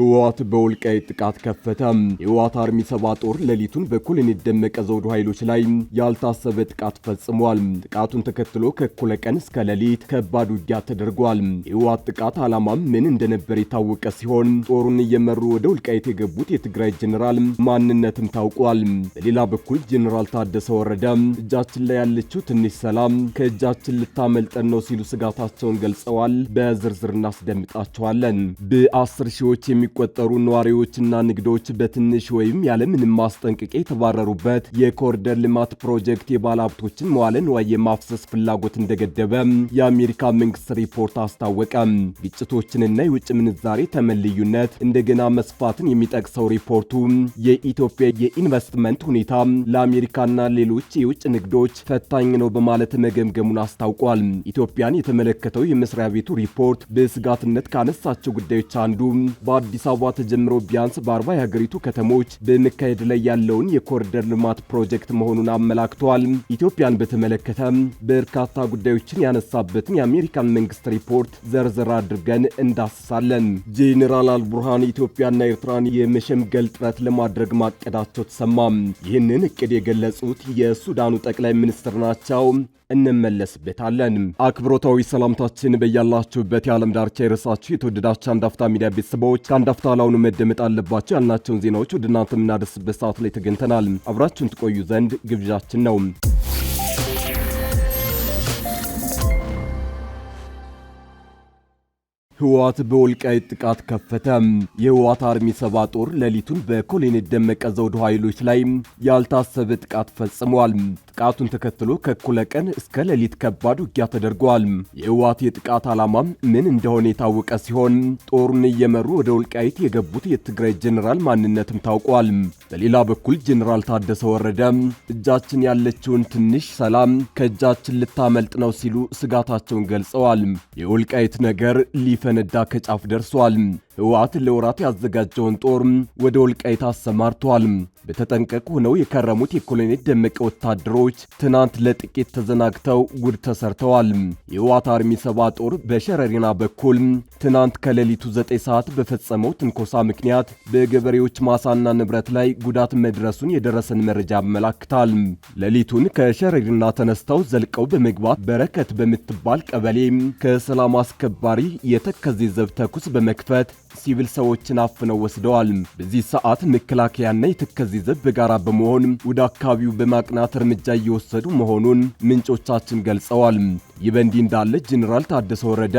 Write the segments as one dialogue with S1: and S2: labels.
S1: ህወሓት በውልቃይ ጥቃት ከፈተ። የህወሓት አርሚ ሰባ ጦር ሌሊቱን በኩል ደመቀ ዘውዱ ኃይሎች ላይ ያልታሰበ ጥቃት ፈጽሟል። ጥቃቱን ተከትሎ ከእኩለ ቀን እስከ ሌሊት ከባድ ውጊያ ተደርጓል። የህወሓት ጥቃት ዓላማም ምን እንደነበር የታወቀ ሲሆን ጦሩን እየመሩ ወደ ወልቃይት የገቡት የትግራይ ጀኔራል ማንነትም ታውቋል። በሌላ በኩል ጀኔራል ታደሰ ወረደ እጃችን ላይ ያለችው ትንሽ ሰላም ከእጃችን ልታመልጠን ነው ሲሉ ስጋታቸውን ገልጸዋል። በዝርዝር እናስደምጣቸዋለን። በአስር ሺዎች የሚ የሚቆጠሩ ነዋሪዎችና ንግዶች በትንሽ ወይም ያለምንም ማስጠንቀቂያ የተባረሩበት የኮሪደር ልማት ፕሮጀክት የባለሀብቶችን መዋለ ንዋይ የማፍሰስ ፍላጎት እንደገደበ የአሜሪካ መንግስት ሪፖርት አስታወቀ። ግጭቶችንና የውጭ ምንዛሬ ተመን ልዩነት እንደገና መስፋትን የሚጠቅሰው ሪፖርቱ የኢትዮጵያ የኢንቨስትመንት ሁኔታ ለአሜሪካና ሌሎች የውጭ ንግዶች ፈታኝ ነው በማለት መገምገሙን አስታውቋል። ኢትዮጵያን የተመለከተው የመስሪያ ቤቱ ሪፖርት በስጋትነት ካነሳቸው ጉዳዮች አንዱ በአዲስ ከአዲስ አበባ ተጀምሮ ቢያንስ በአርባ የሀገሪቱ ከተሞች በመካሄድ ላይ ያለውን የኮሪደር ልማት ፕሮጀክት መሆኑን አመላክተዋል። ኢትዮጵያን በተመለከተ በርካታ ጉዳዮችን ያነሳበትን የአሜሪካን መንግስት ሪፖርት ዘርዘር አድርገን እንዳስሳለን። ጄኔራል አልቡርሃን ኢትዮጵያና ኤርትራን የመሸምገል ጥረት ለማድረግ ማቀዳቸው ተሰማ። ይህንን እቅድ የገለጹት የሱዳኑ ጠቅላይ ሚኒስትር ናቸው። እንመለስበታለን። አክብሮታዊ ሰላምታችን በያላችሁበት የዓለም ዳርቻ የረሳችሁ የተወደዳችሁ አንዳፍታ ሚዲያ ቤተሰቦች አንድ መደመጥ አለባቸው ያልናቸውን ዜናዎች ወደ እናንተ የምናደርስበት ሰዓት ላይ ተገኝተናል። አብራችሁን ትቆዩ ዘንድ ግብዣችን ነው። ህወሓት በወልቃይት ጥቃት ከፈተ። የህወሓት አርሚ ሰባ ጦር ሌሊቱን በኮሎኔል ደመቀ ዘውዱ ኃይሎች ላይ ያልታሰበ ጥቃት ፈጽሟል። ጥቃቱን ተከትሎ ከእኩለ ቀን እስከ ሌሊት ከባድ ውጊያ ተደርጓል። የህወሓት የጥቃት ዓላማ ምን እንደሆነ የታወቀ ሲሆን ጦሩን እየመሩ ወደ ወልቃይት የገቡት የትግራይ ጀኔራል ማንነትም ታውቋል። በሌላ በኩል ጀኔራል ታደሰ ወረደ እጃችን ያለችውን ትንሽ ሰላም ከእጃችን ልታመልጥ ነው ሲሉ ስጋታቸውን ገልጸዋል። የወልቃይት ነገር ሊፈ ሊፈነዳ ከጫፍ ደርሷል። ህወሓት ለወራት ያዘጋጀውን ጦር ወደ ወልቃይት አሰማርቷል። በተጠንቀቅ ሆነው የከረሙት የኮሎኔል ደመቀ ወታደሮች ትናንት ለጥቂት ተዘናግተው ጉድ ተሰርተዋል። የህወሓት አርሚ ሰባ ጦር በሸረሪና በኩል ትናንት ከሌሊቱ 9 ሰዓት በፈጸመው ትንኮሳ ምክንያት በገበሬዎች ማሳና ንብረት ላይ ጉዳት መድረሱን የደረሰን መረጃ አመላክታል። ሌሊቱን ከሸረሪና ተነስተው ዘልቀው በመግባት በረከት በምትባል ቀበሌ ከሰላም አስከባሪ የተከዜ ዘብ ተኩስ በመክፈት ሲቪል ሰዎችን አፍነው ወስደዋል። በዚህ ሰዓት መከላከያና የተከዜ ዘብ በጋራ በመሆን ወደ አካባቢው በማቅናት እርምጃ እየወሰዱ መሆኑን ምንጮቻችን ገልጸዋል። ይህ በእንዲህ እንዳለ ጄኔራል ታደሰ ወረደ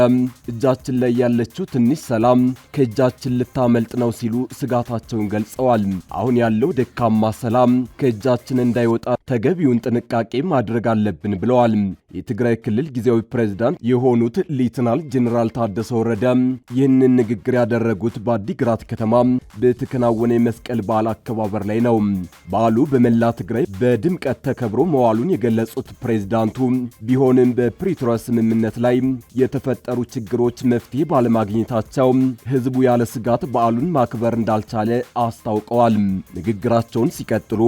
S1: እጃችን ላይ ያለችው ትንሽ ሰላም ከእጃችን ልታመልጥ ነው ሲሉ ስጋታቸውን ገልጸዋል። አሁን ያለው ደካማ ሰላም ከእጃችን እንዳይወጣ ተገቢውን ጥንቃቄ ማድረግ አለብን ብለዋል። የትግራይ ክልል ጊዜያዊ ፕሬዝዳንት የሆኑት ሌተናል ጄኔራል ታደሰ ወረደ ይህንን ንግግር ያደ ያደረጉት በአዲግራት ከተማ በተከናወነ የመስቀል በዓል አከባበር ላይ ነው። በዓሉ በመላ ትግራይ በድምቀት ተከብሮ መዋሉን የገለጹት ፕሬዝዳንቱ ቢሆንም በፕሪቶሪያ ስምምነት ላይ የተፈጠሩ ችግሮች መፍትሄ ባለማግኘታቸው ህዝቡ ያለ ስጋት በዓሉን ማክበር እንዳልቻለ አስታውቀዋል። ንግግራቸውን ሲቀጥሉ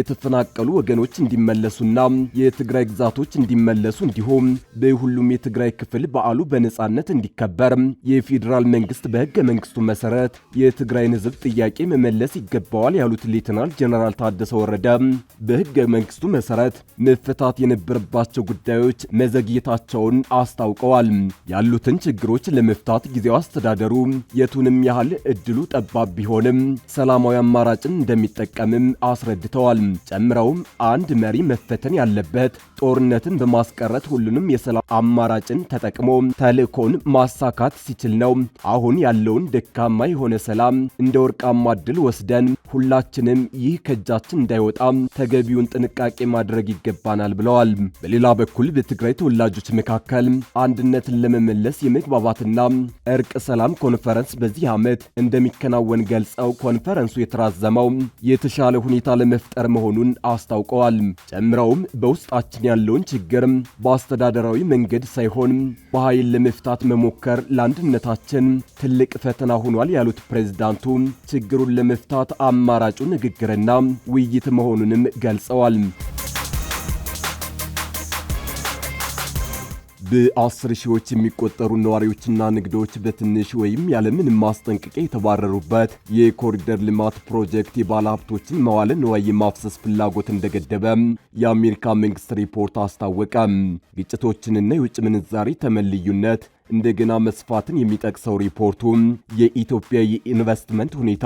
S1: የተፈናቀሉ ወገኖች እንዲመለሱና የትግራይ ግዛቶች እንዲመለሱ እንዲሁም በሁሉም የትግራይ ክፍል በዓሉ በነጻነት እንዲከበር የፌዴራል መንግስት በህገ መንግስቱ መሰረት የትግራይን ህዝብ ጥያቄ መመለስ ይገባዋል ያሉት ሌተናል ጀነራል ታደሰ ወረደ በህገ መንግስቱ መሰረት መፈታት የነበረባቸው ጉዳዮች መዘግየታቸውን አስታውቀዋል። ያሉትን ችግሮች ለመፍታት ጊዜው አስተዳደሩ የቱንም ያህል እድሉ ጠባብ ቢሆንም ሰላማዊ አማራጭን እንደሚጠቀምም አስረድተዋል። ጨምረውም አንድ መሪ መፈተን ያለበት ጦርነትን በማስቀረት ሁሉንም የሰላም አማራጭን ተጠቅሞ ተልእኮን ማሳካት ሲችል ነው። አሁን ያለውን ደካማ የሆነ ሰላም እንደ ወርቃማ ድል ወስደን ሁላችንም ይህ ከእጃችን እንዳይወጣ ተገቢውን ጥንቃቄ ማድረግ ይገባናል ብለዋል። በሌላ በኩል በትግራይ ተወላጆች መካከል አንድነትን ለመመለስ የመግባባትና እርቅ ሰላም ኮንፈረንስ በዚህ ዓመት እንደሚከናወን ገልጸው ኮንፈረንሱ የተራዘመው የተሻለ ሁኔታ ለመፍጠር መሆኑን አስታውቀዋል። ጨምረውም በውስጣችን ያለውን ችግር በአስተዳደራዊ መንገድ ሳይሆን በኃይል ለመፍታት መሞከር ለአንድነታችን ትልቅ ፈተና ሆኗል ያሉት ፕሬዝዳንቱ ችግሩን ለመፍታት አማራጩ ንግግርና ውይይት መሆኑንም ገልጸዋል። በአስር ሺዎች የሚቆጠሩ ነዋሪዎችና ንግዶች በትንሽ ወይም ያለምንም ማስጠንቀቂያ የተባረሩበት የኮሪደር ልማት ፕሮጀክት የባለ ሀብቶችን መዋለ ንዋይ የማፍሰስ ፍላጎት እንደገደበ የአሜሪካ መንግስት ሪፖርት አስታወቀ። ግጭቶችንና የውጭ ምንዛሪ ተመን ልዩነት እንደገና መስፋትን የሚጠቅሰው ሪፖርቱ የኢትዮጵያ የኢንቨስትመንት ሁኔታ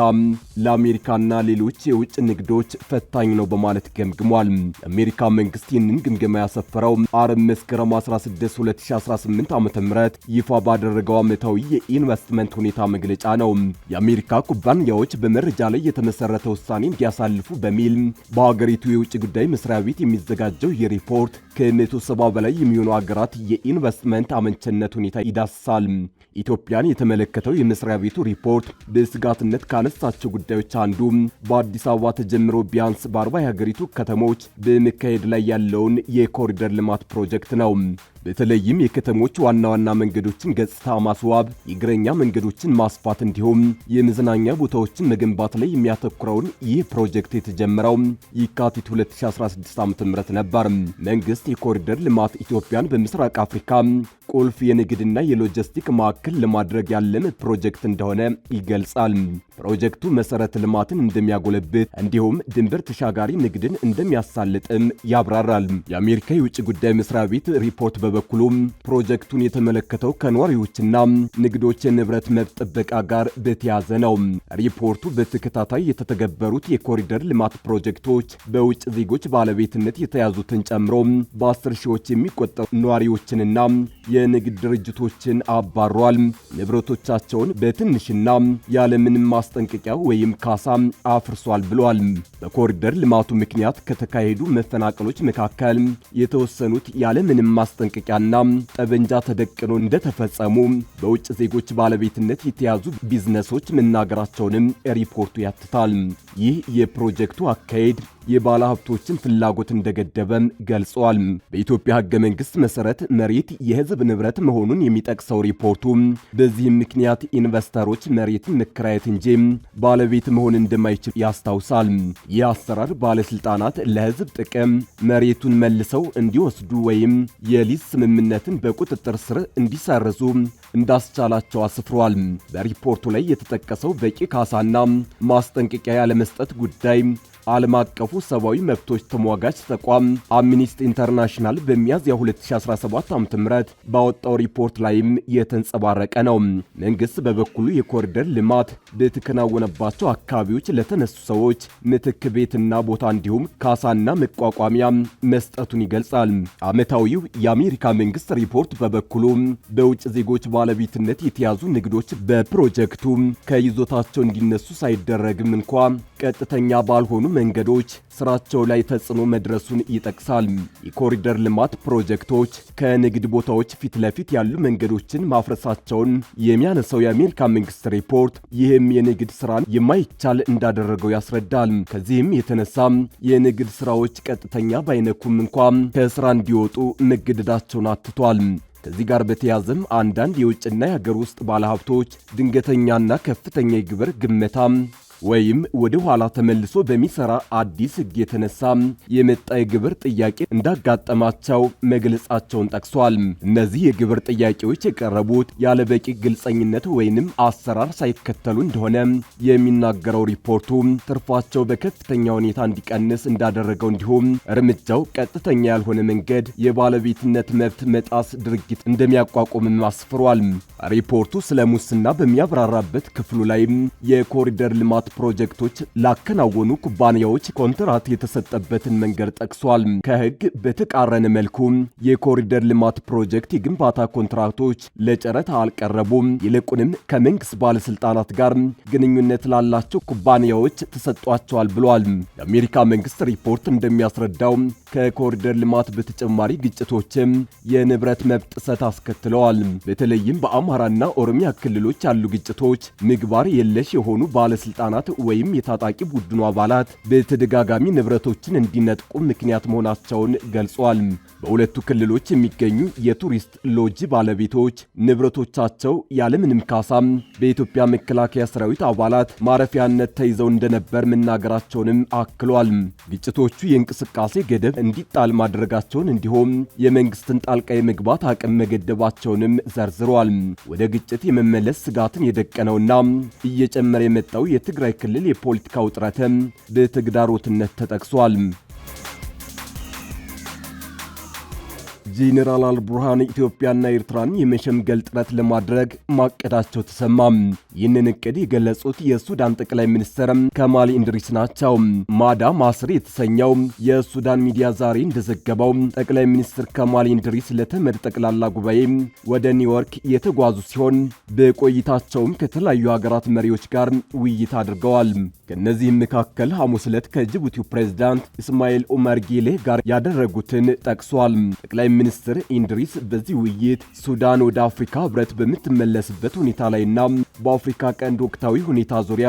S1: ለአሜሪካና ሌሎች የውጭ ንግዶች ፈታኝ ነው በማለት ገምግሟል። የአሜሪካ መንግስት ይህንን ግምገማ ያሰፈረው አርብ መስከረም 16 2018 ዓ ም ይፋ ባደረገው ዓመታዊ የኢንቨስትመንት ሁኔታ መግለጫ ነው። የአሜሪካ ኩባንያዎች በመረጃ ላይ የተመሰረተ ውሳኔ እንዲያሳልፉ በሚል በሀገሪቱ የውጭ ጉዳይ መስሪያ ቤት የሚዘጋጀው የሪፖርት ሪፖርት ከ170 በላይ የሚሆኑ ሀገራት የኢንቨስትመንት አመንችነት ሁኔታ ይዳስሳል። ኢትዮጵያን የተመለከተው የመስሪያ ቤቱ ሪፖርት በስጋትነት ካነሳቸው ጉዳዮች አንዱ በአዲስ አበባ ተጀምሮ ቢያንስ በአርባ የሀገሪቱ ከተሞች በመካሄድ ላይ ያለውን የኮሪደር ልማት ፕሮጀክት ነው። በተለይም የከተሞች ዋና ዋና መንገዶችን ገጽታ ማስዋብ፣ የእግረኛ መንገዶችን ማስፋት እንዲሁም የመዝናኛ ቦታዎችን መገንባት ላይ የሚያተኩረውን ይህ ፕሮጀክት የተጀመረው የካቲት 2016 ዓ ም ነበር። መንግስት የኮሪደር ልማት ኢትዮጵያን በምስራቅ አፍሪካ ቁልፍ የንግድና የሎጂስቲክ ማዕከል ለማድረግ ያለመ ፕሮጀክት እንደሆነ ይገልጻል። ፕሮጀክቱ መሰረተ ልማትን እንደሚያጎለብት እንዲሁም ድንበር ተሻጋሪ ንግድን እንደሚያሳልጥም ያብራራል። የአሜሪካ የውጭ ጉዳይ መስሪያ ቤት ሪፖርት በበ በበኩሉም ፕሮጀክቱን የተመለከተው ከነዋሪዎችና ንግዶች የንብረት መብት ጥበቃ ጋር በተያዘ ነው። ሪፖርቱ በተከታታይ የተተገበሩት የኮሪደር ልማት ፕሮጀክቶች በውጭ ዜጎች ባለቤትነት የተያዙትን ጨምሮ በአስር ሺዎች የሚቆጠሩ ነዋሪዎችንና የንግድ ድርጅቶችን አባሯል። ንብረቶቻቸውን በትንሽና ያለምንም ማስጠንቀቂያ ወይም ካሳ አፍርሷል ብሏል። በኮሪደር ልማቱ ምክንያት ከተካሄዱ መፈናቀሎች መካከል የተወሰኑት ያለምንም ማስጠንቀቂያ ማስታጠቂያና ጠበንጃ ተደቅኖ እንደተፈጸሙ በውጭ ዜጎች ባለቤትነት የተያዙ ቢዝነሶች መናገራቸውንም ሪፖርቱ ያትታል። ይህ የፕሮጀክቱ አካሄድ የባለ ሀብቶችን ፍላጎት እንደገደበ ገልጿል። በኢትዮጵያ ህገ መንግስት መሰረት መሬት የህዝብ ንብረት መሆኑን የሚጠቅሰው ሪፖርቱ በዚህም ምክንያት ኢንቨስተሮች መሬትን መከራየት እንጂ ባለቤት መሆን እንደማይችል ያስታውሳል። ይህ አሰራር ባለስልጣናት ለህዝብ ጥቅም መሬቱን መልሰው እንዲወስዱ ወይም የሊዝ ስምምነትን በቁጥጥር ስር እንዲሰርዙ እንዳስቻላቸው አስፍሯል። በሪፖርቱ ላይ የተጠቀሰው በቂ ካሳና ማስጠንቀቂያ ያለመስጠት ጉዳይ ዓለም አቀፉ ሰብአዊ መብቶች ተሟጋች ተቋም አምኒስቲ ኢንተርናሽናል በሚያዝያ 2017 ዓ.ም ባወጣው ሪፖርት ላይም የተንጸባረቀ ነው። መንግስት በበኩሉ የኮሪደር ልማት በተከናወነባቸው አካባቢዎች ለተነሱ ሰዎች ምትክ ቤትና ቦታ እንዲሁም ካሳና መቋቋሚያ መስጠቱን ይገልጻል። ዓመታዊው የአሜሪካ መንግስት ሪፖርት በበኩሉ በውጭ ዜጎች ባለቤትነት የተያዙ ንግዶች በፕሮጀክቱ ከይዞታቸው እንዲነሱ ሳይደረግም እንኳ ቀጥተኛ ባልሆኑ መንገዶች ስራቸው ላይ ተጽዕኖ መድረሱን ይጠቅሳል። የኮሪደር ልማት ፕሮጀክቶች ከንግድ ቦታዎች ፊት ለፊት ያሉ መንገዶችን ማፍረሳቸውን የሚያነሳው የአሜሪካ መንግስት ሪፖርት ይህም የንግድ ስራን የማይቻል እንዳደረገው ያስረዳል። ከዚህም የተነሳ የንግድ ስራዎች ቀጥተኛ ባይነኩም እንኳ ከስራ እንዲወጡ መገደዳቸውን አትቷል። ከዚህ ጋር በተያዘም አንዳንድ የውጭና የሀገር ውስጥ ባለሀብቶች ድንገተኛና ከፍተኛ የግብር ግመታ ወይም ወደ ኋላ ተመልሶ በሚሰራ አዲስ ህግ የተነሳ የመጣ የግብር ጥያቄ እንዳጋጠማቸው መግለጻቸውን ጠቅሷል። እነዚህ የግብር ጥያቄዎች የቀረቡት ያለበቂ ግልጸኝነት ወይንም አሰራር ሳይከተሉ እንደሆነ የሚናገረው ሪፖርቱ ትርፋቸው በከፍተኛ ሁኔታ እንዲቀንስ እንዳደረገው እንዲሁም እርምጃው ቀጥተኛ ያልሆነ መንገድ የባለቤትነት መብት መጣስ ድርጊት እንደሚያቋቁምም አስፍሯል። ሪፖርቱ ስለ ሙስና በሚያብራራበት ክፍሉ ላይ የኮሪደር ልማት የልማት ፕሮጀክቶች ላከናወኑ ኩባንያዎች ኮንትራት የተሰጠበትን መንገድ ጠቅሷል። ከህግ በተቃረነ መልኩ የኮሪደር ልማት ፕሮጀክት የግንባታ ኮንትራክቶች ለጨረታ አልቀረቡም። ይልቁንም ከመንግስት ባለስልጣናት ጋር ግንኙነት ላላቸው ኩባንያዎች ተሰጧቸዋል ብሏል። የአሜሪካ መንግስት ሪፖርት እንደሚያስረዳው ከኮሪደር ልማት በተጨማሪ ግጭቶችም የንብረት መብት ጥሰት አስከትለዋል። በተለይም በአማራና ኦሮሚያ ክልሎች ያሉ ግጭቶች ምግባር የለሽ የሆኑ ባለስልጣናት ባለስልጣናት ወይም የታጣቂ ቡድኑ አባላት በተደጋጋሚ ንብረቶችን እንዲነጥቁ ምክንያት መሆናቸውን ገልጿል። በሁለቱ ክልሎች የሚገኙ የቱሪስት ሎጅ ባለቤቶች ንብረቶቻቸው ያለምንም ካሳም በኢትዮጵያ መከላከያ ሰራዊት አባላት ማረፊያነት ተይዘው እንደነበር መናገራቸውንም አክሏል። ግጭቶቹ የእንቅስቃሴ ገደብ እንዲጣል ማድረጋቸውን እንዲሁም የመንግስትን ጣልቃ የመግባት አቅም መገደባቸውንም ዘርዝሯል። ወደ ግጭት የመመለስ ስጋትን የደቀነውና እየጨመረ የመጣው የትግራይ ክልል የፖለቲካ ውጥረትም በተግዳሮትነት ተጠቅሷል። ጄኔራል አልቡርሃን ኢትዮጵያና ኤርትራን የመሸምገል ጥረት ለማድረግ ማቀዳቸው ተሰማም። ይህንን እቅድ የገለጹት የሱዳን ጠቅላይ ሚኒስትር ከማል ኢንድሪስ ናቸው። ማዳ ማስር የተሰኘው የሱዳን ሚዲያ ዛሬ እንደዘገበው ጠቅላይ ሚኒስትር ከማል ኢንድሪስ ለተመድ ጠቅላላ ጉባኤ ወደ ኒውዮርክ የተጓዙ ሲሆን በቆይታቸውም ከተለያዩ ሀገራት መሪዎች ጋር ውይይት አድርገዋል። ከእነዚህም መካከል ሐሙስ ዕለት ከጅቡቲው ፕሬዝዳንት እስማኤል ኡመር ጌሌ ጋር ያደረጉትን ጠቅሷል። ጠቅላይ ሚኒስትር ኢንድሪስ በዚህ ውይይት ሱዳን ወደ አፍሪካ ህብረት በምትመለስበት ሁኔታ ላይና በአፍሪካ ቀንድ ወቅታዊ ሁኔታ ዙሪያ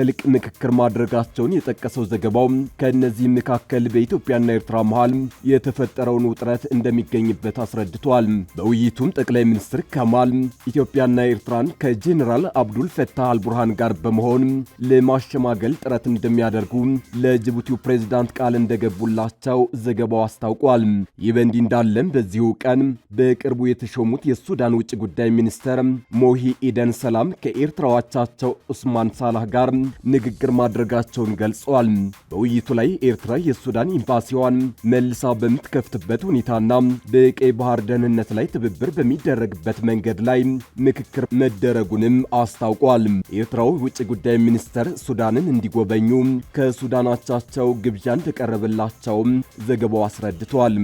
S1: ጥልቅ ምክክር ማድረጋቸውን የጠቀሰው ዘገባው ከእነዚህ መካከል በኢትዮጵያና ኤርትራ መሃል የተፈጠረውን ውጥረት እንደሚገኝበት አስረድቷል። በውይይቱም ጠቅላይ ሚኒስትር ከማል ኢትዮጵያና ኤርትራን ከጄኔራል አብዱል ፈታህ አልቡርሃን ጋር በመሆን ለማሸማገል ጥረት እንደሚያደርጉ ለጅቡቲው ፕሬዚዳንት ቃል እንደገቡላቸው ዘገባው አስታውቋል። ይህ በእንዲህ እንዳለም በዚሁ ቀን በቅርቡ የተሾሙት የሱዳን ውጭ ጉዳይ ሚኒስተር ሞሂ ኢደን ሰላም ከኤርትራ አቻቸው ኡስማን ሳላህ ጋር ንግግር ማድረጋቸውን ገልጸዋል። በውይይቱ ላይ ኤርትራ የሱዳን ኤምባሲዋን መልሳ በምትከፍትበት ሁኔታና በቀይ ባህር ደህንነት ላይ ትብብር በሚደረግበት መንገድ ላይ ምክክር መደረጉንም አስታውቋል። የኤርትራው ውጭ ጉዳይ ሚኒስተር ሱዳንን እንዲጎበኙ ከሱዳን አቻቸው ግብዣ እንደቀረበላቸውም ዘገባው አስረድቷል።